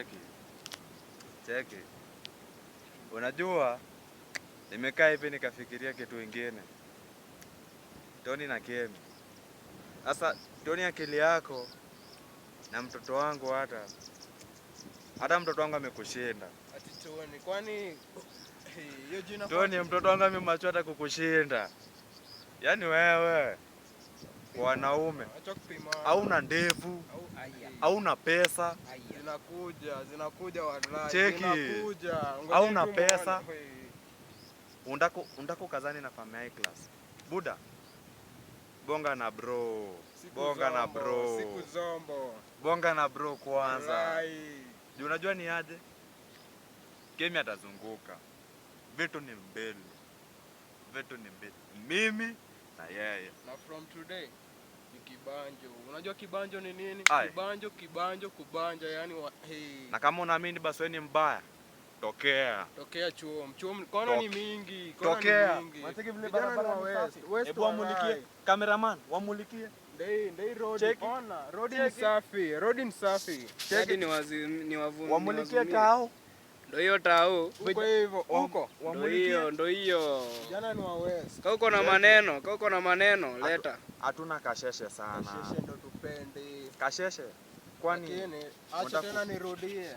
Cheki. Cheki. Unajua nimekaa hivi nikafikiria kitu ingine. Toni na Kemi. Sasa Toni, akili yako na mtoto wangu, hata hata mtoto wangu amekushinda. Ati Toni, kwani hiyo jina Toni, mtoto wangu amemachwa hata kukushinda, yaani wewe kwa wanaume, hauna ndevu, hauna pesa, cheki, hauna pesa, undako undako kazani na family class buda bonga na bro, bonga na bro, bonga na bro kwanza, juu unajua ni aje Kemi atazunguka vitu ni mbele, vitu ni mbele, mimi na yeye na from today ni kibanjo. Unajua kibanjo ni nini? Aye. Kibanjo, kibanjo, kubanja, yani wa, hey. Na kama unaamini basi wewe ni mbaya. Tokea. Tokea chuom. Chuom kona ni mingi. Kona Tokea. ni mingi. Unataka vile barabara west. West. Hebu amulikie cameraman, wamulikie. Ndei, ndei road. Ona, road ni safi. Road ni safi. cheki ni wazi ni wavumilie. Wamulikie kao. Ndo hiyo tau. Huko hivyo huko. Ndo hiyo, ndo hiyo. Jana ni wawezi. Kama uko na maneno, kama uko na maneno leta. Hatuna kasheshe sana. Kasheshe ndo tupende. Kasheshe. Kwani acha tena nirudie.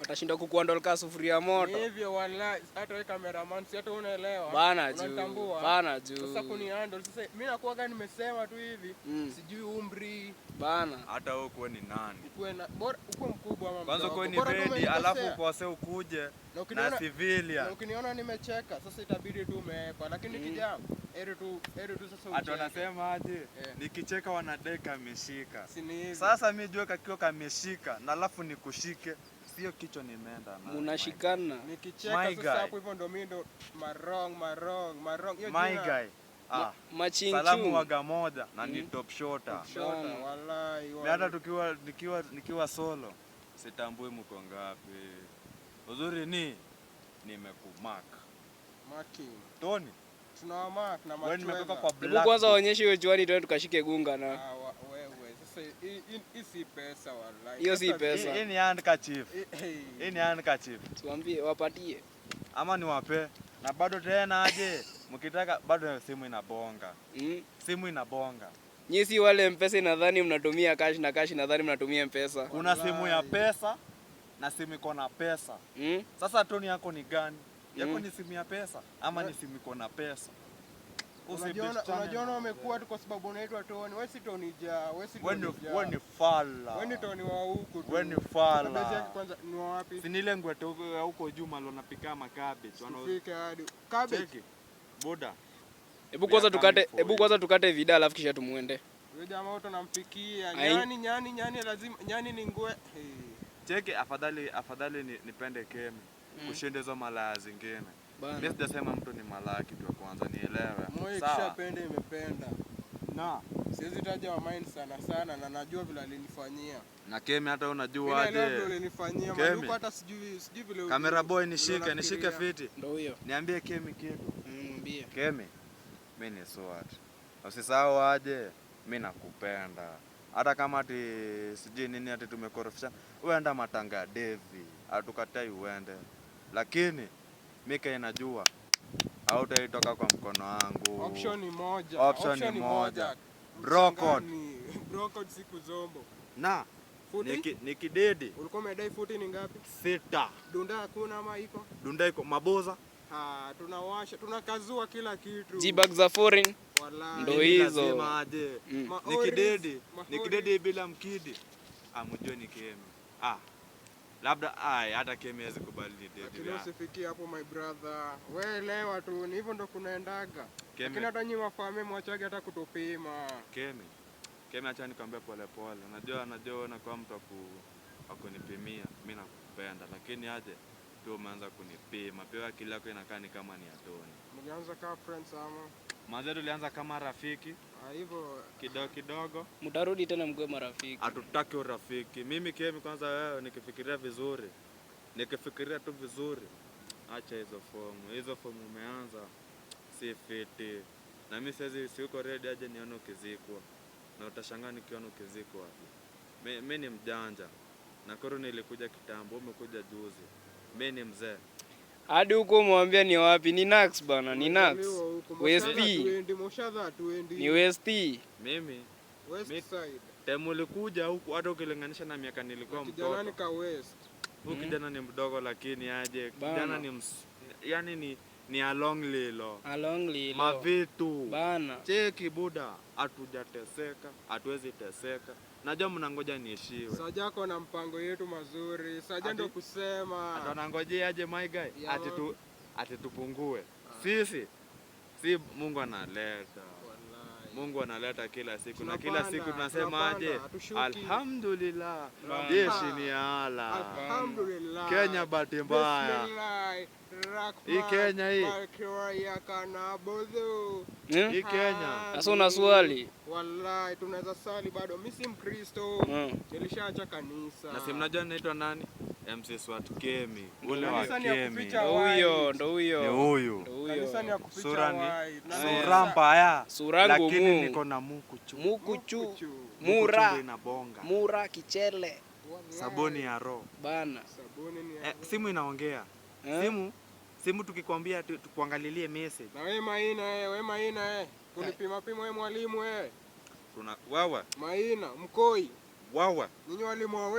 Watashinda kukuandol ka sufuria moto. Hivyo wallahi hata wewe cameraman si hata unaelewa. Bana juu. Bana juu. Sasa kuni handle. Sasa mimi nakuwa gani nimesema tu hivi. Mm. Sijui umri. Bana. Hata wewe kuwe ni nani? Kuwe na bora uko mkubwa mama. Kwanza kuwe ni ready alafu kwa sasa ukuje na, na civilian. Na ukiniona nimecheka sasa itabidi tu umeepa lakini mm. kijana Eri tu, eri tu sasa ata wanasema aje? Yeah. Nikicheka wanadai kameshika. Sasa mi jua kakiwa kameshika na alafu nikushike Sio kichwa nimeenda. Mnashikana. Nikicheka sasa hapo hivyo ndo mimi ndo marong marong marong. My jina. guy. Ah, machinchu. Salamu waga moja na mm. ni top shota. Shota wallahi. Hata tukiwa nikiwa nikiwa solo sitambui mko ngapi. Uzuri ni nimekumark. Marking. Toni. Tunawamark na matunda. Wewe nimetoka kwa black. Kwanza onyeshe hiyo juani tuende tukashike gunga na. Ah, hiyo si pesa. Hii ni handkerchief. Eh, eh. Hii ni handkerchief. Tuambie wapatie ama wape. na bado tena aje mkitaka bado simu inabonga mm. Simu inabonga Nyi si wale mpesa nadhani mnatumia cash na cash nadhani mnatumia mpesa. Kuna simu ya pesa na simu iko na pesa mm. Sasa toni yako ni gani? Hmm? Yako mm. ni simu ya pesa ama ni simu iko na pesa? Unajiona umekuwa tu kwa sababu unaitwa Wewe si ja, wewe si ja. Wewe ni fala. Wewe ni wa huko tu. Wewe ni fala. Kabeji yake kwanza ni wapi? Si ile ya huko Juma alo napika Wanafika hadi. Cabbage. Boda. Hebu kwanza tukate, hebu kwanza tukate vida alafu kisha tumuende. Wewe jamaa wote Nyani nyani nyani lazima nyani ni ngwe. Cheke afadhali afadhali nipende Kemi. Kushindezwa mm. malaya zingine. Mimi sijasema mtu ni malaya, kitu ya kwanza nielewe. Kishapenda imependa na siwezi taja wa mind sana sana, na najua vile alinifanyia na Kemi, hata unajua aje ulinifanyia maluko, hata sijui sijui vile. Kamera boy, nishike nishike fiti, ndio huyo, niambie Kemi kitu, mwambie mm, Kemi mimi ni swat, usisahau aje mimi nakupenda hata kama ati sijui nini ati tumekorofisha, uenda matanga ya Devi atukatai uende, lakini Mika inajua hautaitoka kwa mkono wangu. Option ni moja. Option ni moja. Brokod. Brokod si kuzombo. Na Niki, dedi. Ulikuwa umedai futi ni ngapi? Sita. Dunda hakuna ama iko? Dunda iko maboza. Ah, tunawasha, tunakazua kila kitu. Jibag za foreign. Ndo hizo. Mm. Nikidedi, nikidedi bila mkidi. Amjue nikiemi. Ah labda ai hata Kemi hawezi kubadili date. Usifikie hapo my brother, wewe elewa tu, ni hivyo ndo kunaendaga. Lakini hata nyinyi wafame mwachage hata kutupima Kemi. Kemi, acha nikwambie pole pole, najua najua wewe unakuwa mtu aku akunipimia. mimi nakupenda, lakini aje tu umeanza kunipima, pia akili yako inakaa ni kama ni atoni. Mlianza kama friends ama Madheru ulianza kama rafiki ah, hivyo kidogo kidogo, mtarudi tena mkue marafiki. Hatutaki urafiki. Mimi Kemi, kwanza wewe, nikifikiria vizuri, nikifikiria tu vizuri, acha hizo fomu, hizo fomu umeanza si fiti, na mimi siwezi, siuko ready aje nione ukizikwa, na utashangaa nikiona ukizikwa. Mi ni mjanja, Nakuru nilikuja kitambo, umekuja juzi, mi ni mzee hadi huko mwambia ni wapi? Ni Nax bana, ni Nax. West. Ni West. Mimi. West side. Time ulikuja huku hata ukilinganisha na miaka nilikuwa mtoto. Kijana ni ka West. Huyu hmm? kijana ni mdogo lakini aje. Kijana ni yani ni ni along lilo. Along lilo. Mavitu. Bana. Cheki buda, atujateseka, atuwezi teseka. Najua mnangoja niishiwe. Saja ako na mpango yetu mazuri. Saja ndo kusema. Ndo nangojea aje my guy? Ati ati tupungue. Ah. Sisi si Mungu analeta. Mungu analeta kila siku na kila siku tunasema aje? Alhamdulillah, jeshi ni ala. Kenya bahati mbaya hii Kenya hii eh? hii Kenya. Sasa una swali? Wallahi tunaweza sali bado. Mimi si Mkristo, eh. nilishaacha kanisa. Na si mnajua ninaitwa nani? MC Swat Kemi, ule wa Kemi. Huyo ndo huyo. Ni huyo. Sura ni sura mbaya. Sura ngumu. Lakini niko na mukuchu. Mukuchu. Mura. Mura kichele. Sabuni ya roho. Bana. Sabuni ni ya. Eh, simu inaongea. Eh? Simu simu tukikwambia tukuangalilie message. Na wewe maina eh, wewe maina eh. eh. Kunipima pima wewe mwalimu eh. Tuna wawa. Maina mkoi. Wawa. Ninyi walimu wa